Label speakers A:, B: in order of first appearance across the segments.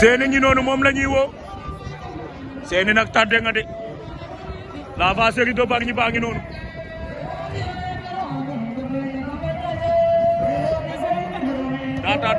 A: seeni ngi noonu moom la ñuy woo seeni nag tàdde nga de la va série do ñi baa ngi noonu
B: daa tàdd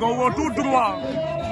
B: go tout droit